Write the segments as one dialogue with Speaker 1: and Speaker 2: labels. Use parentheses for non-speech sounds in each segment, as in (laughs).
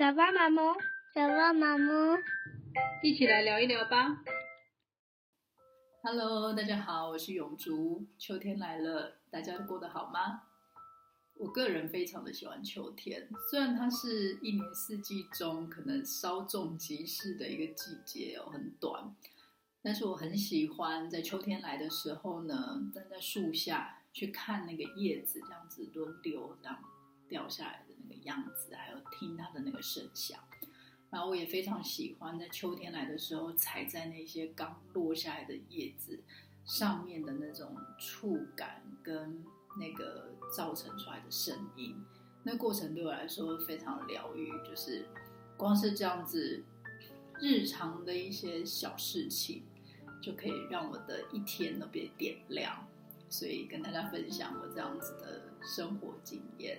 Speaker 1: 小巴馬麼？小巴馬麼？一起來聊一聊吧。Hello，大家好，我是永竹。秋天來了，大家都過得好嗎？我個人非常的喜歡秋天，雖然它是一年四季中可能稍縱即逝的一個季節哦，很短，但是我很喜歡在秋天來的時候呢，站在樹下去看那個葉子，這樣子輪流的，掉下來的那個樣子，還有聽它的那個聲響，然後我也非常喜歡在秋天來的時候踩在那些剛落下來的葉子上面的那種觸感跟那個造成出來的聲音，那個、過程對我來說非常療癒，就是光是這樣子日常的一些小事情就可以讓我的一天都被點亮，所以跟大家分享我這樣子的生活經驗。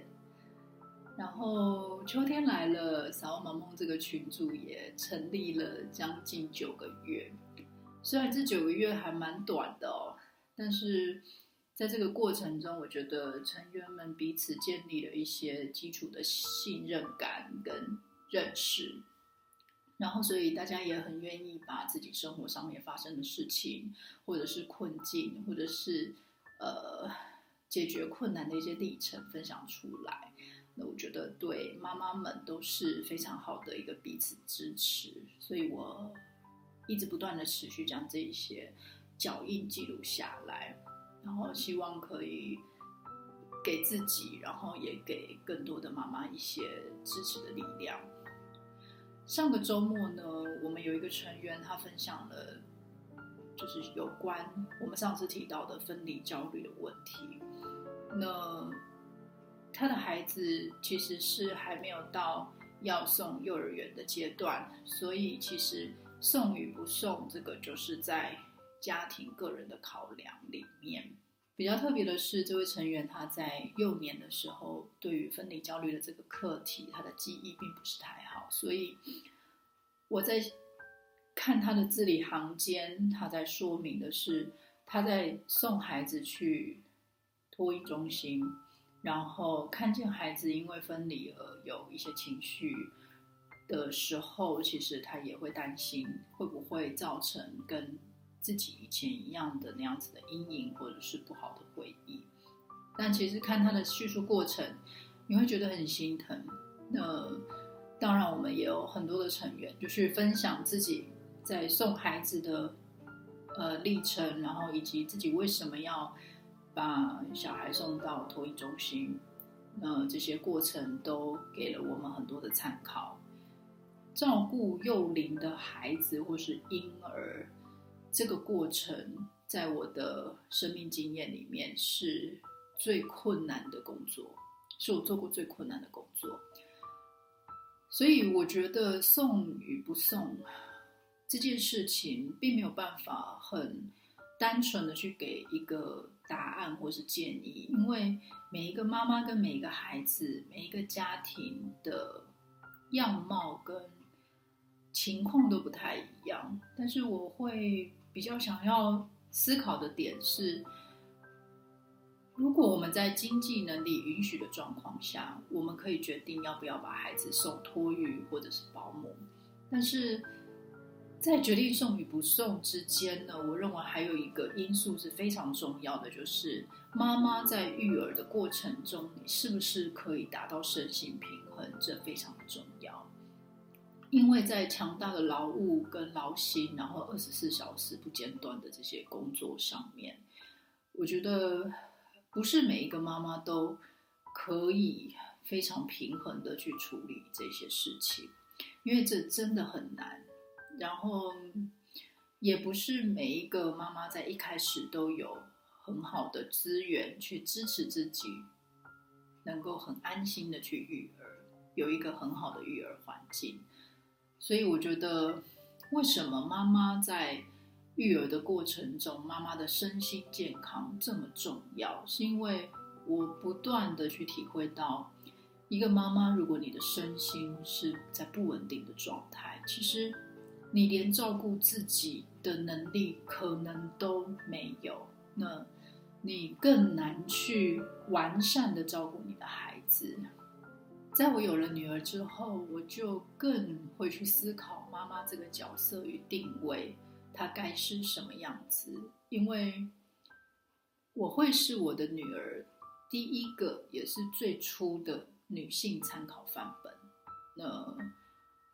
Speaker 1: 然後秋天來了，撒哇瑪矇這個群組也成立了將近九個月。雖然這九個月還蠻短的哦，但是在這個過程中，我覺得成員們彼此建立了一些基礎的信任感跟認識。然後，所以大家也很願意把自己生活上面發生的事情，或者是困境，或者是呃解決困難的一些歷程分享出來。那我覺得對媽媽們都是非常好的一個彼此支持，所以我一直不斷地持續將這一些腳印記錄下來，然後希望可以給自己，然後也給更多的媽媽一些支持的力量。上個周末呢，我們有一個成員他分享了，就是有關我們上次提到的分離焦慮的問題，那。他的孩子其實是還沒有到要送幼兒園的階段，所以其實送與不送，這個就是在家庭個人的考量裡面。比較特別的是，這位成員他在幼年的時候對於分離焦慮的這個課題，他的記憶並不是太好，所以我在看他的字裡行間，他在說明的是他在送孩子去托育中心。然後看見孩子因為分離而有一些情緒的時候，其實他也會擔心會不會造成跟自己以前一樣的那樣子的陰影或者是不好的回憶。但其實看他的敘述過程，你會覺得很心疼。那當然，我們也有很多的成員就是分享自己在送孩子的呃歷程，然後以及自己為什麼要。把小孩送到托育中心，那這些過程都給了我們很多的參考。照顧幼齡的孩子或是嬰兒，這個過程在我的生命經驗裡面是最困難的工作，是我做過最困難的工作。所以我覺得送與不送這件事情，並沒有辦法很單純的去給一個答案或是建議，因為每一個媽媽跟每一個孩子、每一個家庭的樣貌跟情況都不太一樣。但是我會比較想要思考的點是，如果我們在經濟能力允許的狀況下，我們可以決定要不要把孩子送托育或者是保姆，但是。在決定送與不送之間呢，我認為還有一個因素是非常重要的，就是媽媽在育兒的過程中，你是不是可以達到身心平衡，這非常重要。因為在強大的勞務跟勞心，然後二十四小時不間斷的這些工作上面，我覺得不是每一個媽媽都可以非常平衡的去處理這些事情，因為這真的很難。然後，也不是每一個媽媽在一開始都有很好的資源去支持自己，能夠很安心的去育兒，有一個很好的育兒環境。所以，我覺得為什麼媽媽在育兒的過程中，媽媽的身心健康這麼重要，是因為我不斷的去體會到，一個媽媽，如果你的身心是在不穩定的狀態，其實。你連照顧自己的能力可能都沒有，那你更難去完善的照顧你的孩子。在我有了女兒之後，我就更會去思考媽媽這個角色與定位，她該是什麼樣子？因為我會是我的女兒第一個也是最初的女性參考範本。那。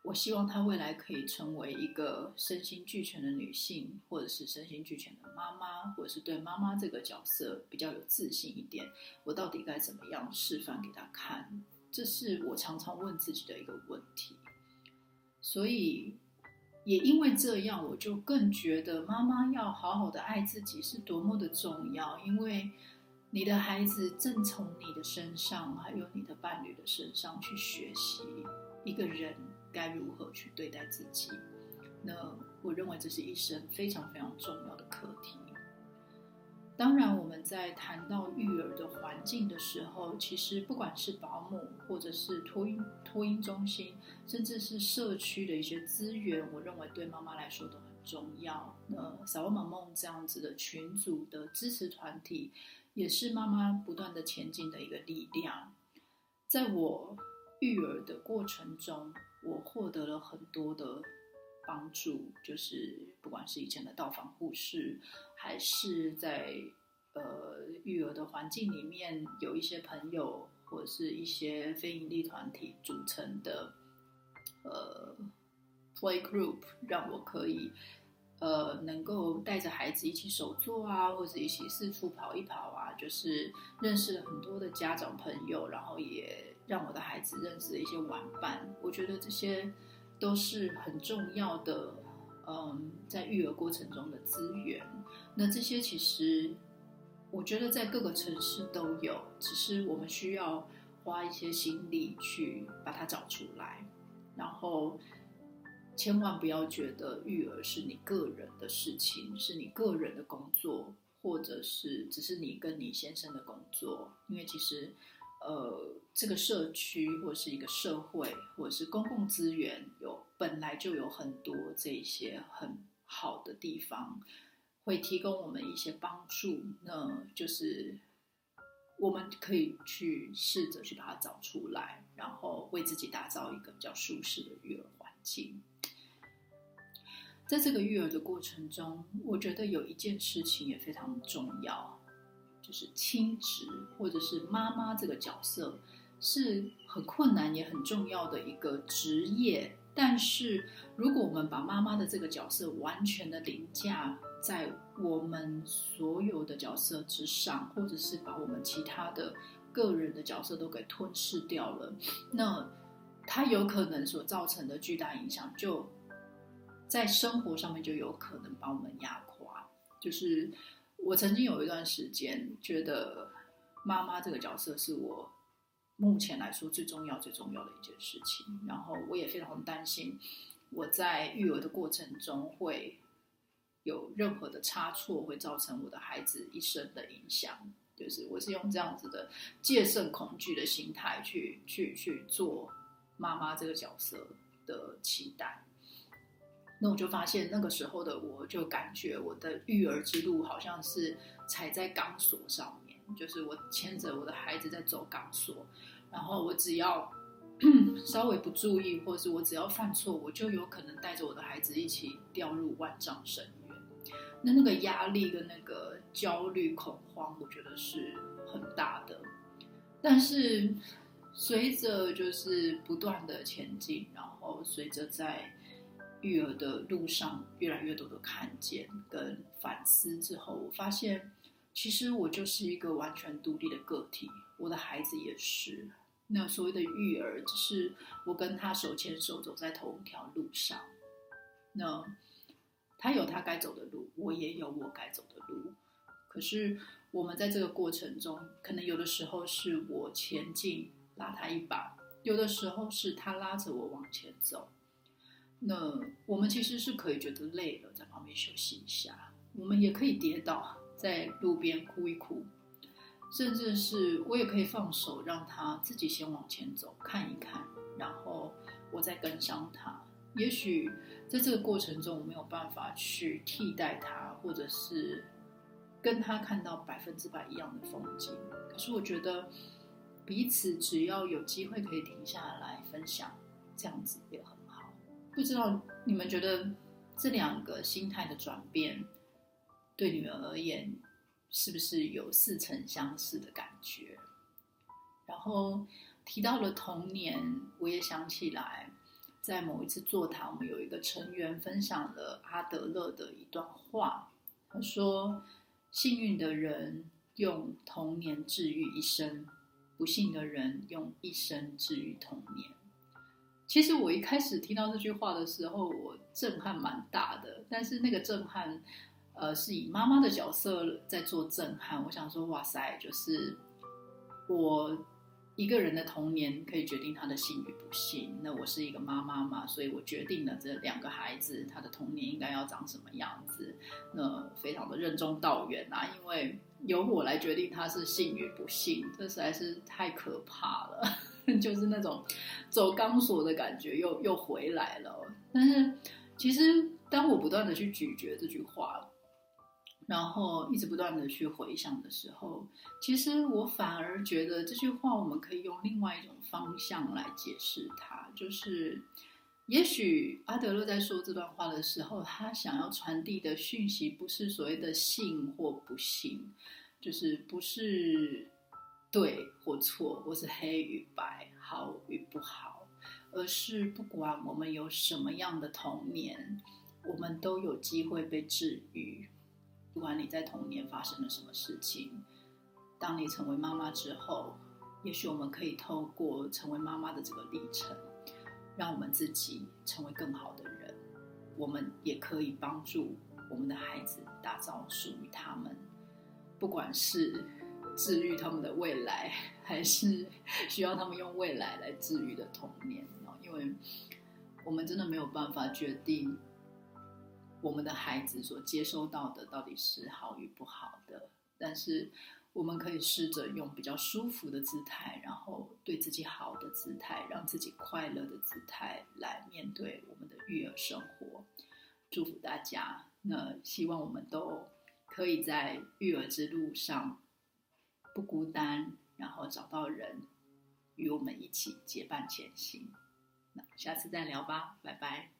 Speaker 1: 我希望她未來可以成為一個身心俱全的女性，或者是身心俱全的媽媽，或者是對媽媽這個角色比較有自信一點。我到底該怎麼樣示範給她看？這是我常常問自己的一個問題。所以，也因為這樣，我就更覺得媽媽要好好的愛自己是多麼的重要，因為你的孩子正從你的身上，還有你的伴侶的身上去學習一個人。該如何去對待自己？那我認為這是一生非常非常重要的課題。當然，我們在談到育兒的環境的時候，其實不管是保姆，或者是托嬰托嬰中心，甚至是社區的一些資源，我認為對媽媽來說都很重要。那撒哇瑪矇這樣子的群組的支持團體，也是媽媽不斷的前進的一個力量。在我育兒的過程中，我獲得了很多的幫助，就是不管是以前的到訪護士，還是在呃育兒的環境裡面有一些朋友，或者是一些非營利團體組成的呃 play group，讓我可以呃能夠帶着孩子一起手作啊，或者一起四處跑一跑啊。就是認識了很多的家長朋友，然後也讓我的孩子認識了一些玩伴。我覺得這些都是很重要的，嗯，在育兒過程中的資源。那這些其實我覺得在各個城市都有，只是我們需要花一些心力去把它找出來。然後千萬不要覺得育兒是你個人的事情，是你個人的工作。或者是只是你跟你先生的工作，因為其實，呃，這個社區或者是一個社會，或者是公共資源有，有本來就有很多這一些很好的地方，會提供我們一些幫助。那就是我們可以去試着去把它找出來，然後為自己打造一個比較舒適的育兒環境。在這個育兒的過程中，我覺得有一件事情也非常重要，就是親職或者是媽媽這個角色，是很困難也很重要的一個職業。但是，如果我們把媽媽的這個角色完全的凌駕在我們所有的角色之上，或者是把我們其他的個人的角色都給吞噬掉了，那它有可能所造成的巨大影響就。在生活上面就有可能把我們壓垮。就是我曾經有一段時間覺得，媽媽這個角色是我目前來說最重要、最重要的一件事情。然後我也非常擔心，我在育兒的過程中會有任何的差錯，會造成我的孩子一生的影響。就是我是用這樣子的戒慎恐懼的心態去、去、去做媽媽這個角色的期待。那我就發現，那個時候的我就感覺我的育兒之路好像是踩在鋼索上面，就是我牽着我的孩子在走鋼索，然後我只要稍微不注意，或是我只要犯錯，我就有可能帶着我的孩子一起掉入萬丈深淵。那那個壓力跟那個焦慮、恐慌，我覺得是很大的。但是隨着就是不斷的前進，然後隨着在。育兒的路上，越來越多的看見跟反思之後，我發現，其實我就是一個完全獨立的個體，我的孩子也是。那所謂的育兒，就是我跟他手牽手走在同一條路上。那他有他該走的路，我也有我該走的路。可是我們在這個過程中，可能有的時候是我前進拉他一把，有的時候是他拉着我往前走。那我們其實是可以覺得累了，在旁邊休息一下；我們也可以跌倒，在路邊哭一哭；甚至是我也可以放手，讓他自己先往前走，看一看，然後我再跟上他。也許在這個過程中，我沒有辦法去替代他，或者是跟他看到百分之百一樣的風景。可是我覺得，彼此只要有機會可以停下來分享，這樣子也很好。不知道你們覺得這兩個心態的轉變，對你們而言是不是有似曾相識的感覺？然後提到了童年，我也想起來，在某一次座談，我們有一個成員分享了阿德勒的一段話，他說：“幸運的人用童年治癒一生，不幸的人用一生治癒童年。”其實我一開始聽到這句話的時候，我震撼蠻大的。但是那個震撼，呃，是以媽媽的角色在做震撼。我想說，哇塞，就是我一個人的童年可以決定他的幸與不幸。那我是一個媽媽嘛，所以我決定了這兩個孩子他的童年應該要長什麼樣子。那非常的任重道遠啊，因為由我來決定他是幸與不幸，這實在是太可怕了。 (laughs) 就是那種走鋼索的感覺又又回來了喔。但是，其實當我不斷的去咀嚼這句話，然後一直不斷的去回想的時候，其實我反而覺得這句話我們可以用另外一種方向來解釋它。就是，也許阿德勒在說這段話的時候，他想要傳遞的訊息不是所謂的信或不信，就是不是對，過錯，或是黑與白、好與不好，而是不管我們有什麼樣的童年，我們都有機會被治癒。不管你在童年發生了什麼事情，當你成為媽媽之後，也許我們可以透過成為媽媽的這個歷程，讓我們自己成為更好的人。我們也可以幫助我們的孩子打造屬於他們，不管是。治癒他們的未來，還是需要他們用未來來治癒的童年。哦，因為我們真的沒有辦法決定我們的孩子所接收到的到底是好與不好的，但是我們可以試着用比較舒服的姿態，然後對自己好的姿態，讓自己快樂的姿態來面對我們的育兒生活。祝福大家，那希望我們都可以在育兒之路上。不孤單，然後找到人，與我們一起結伴前行。那下次再聊吧，拜拜。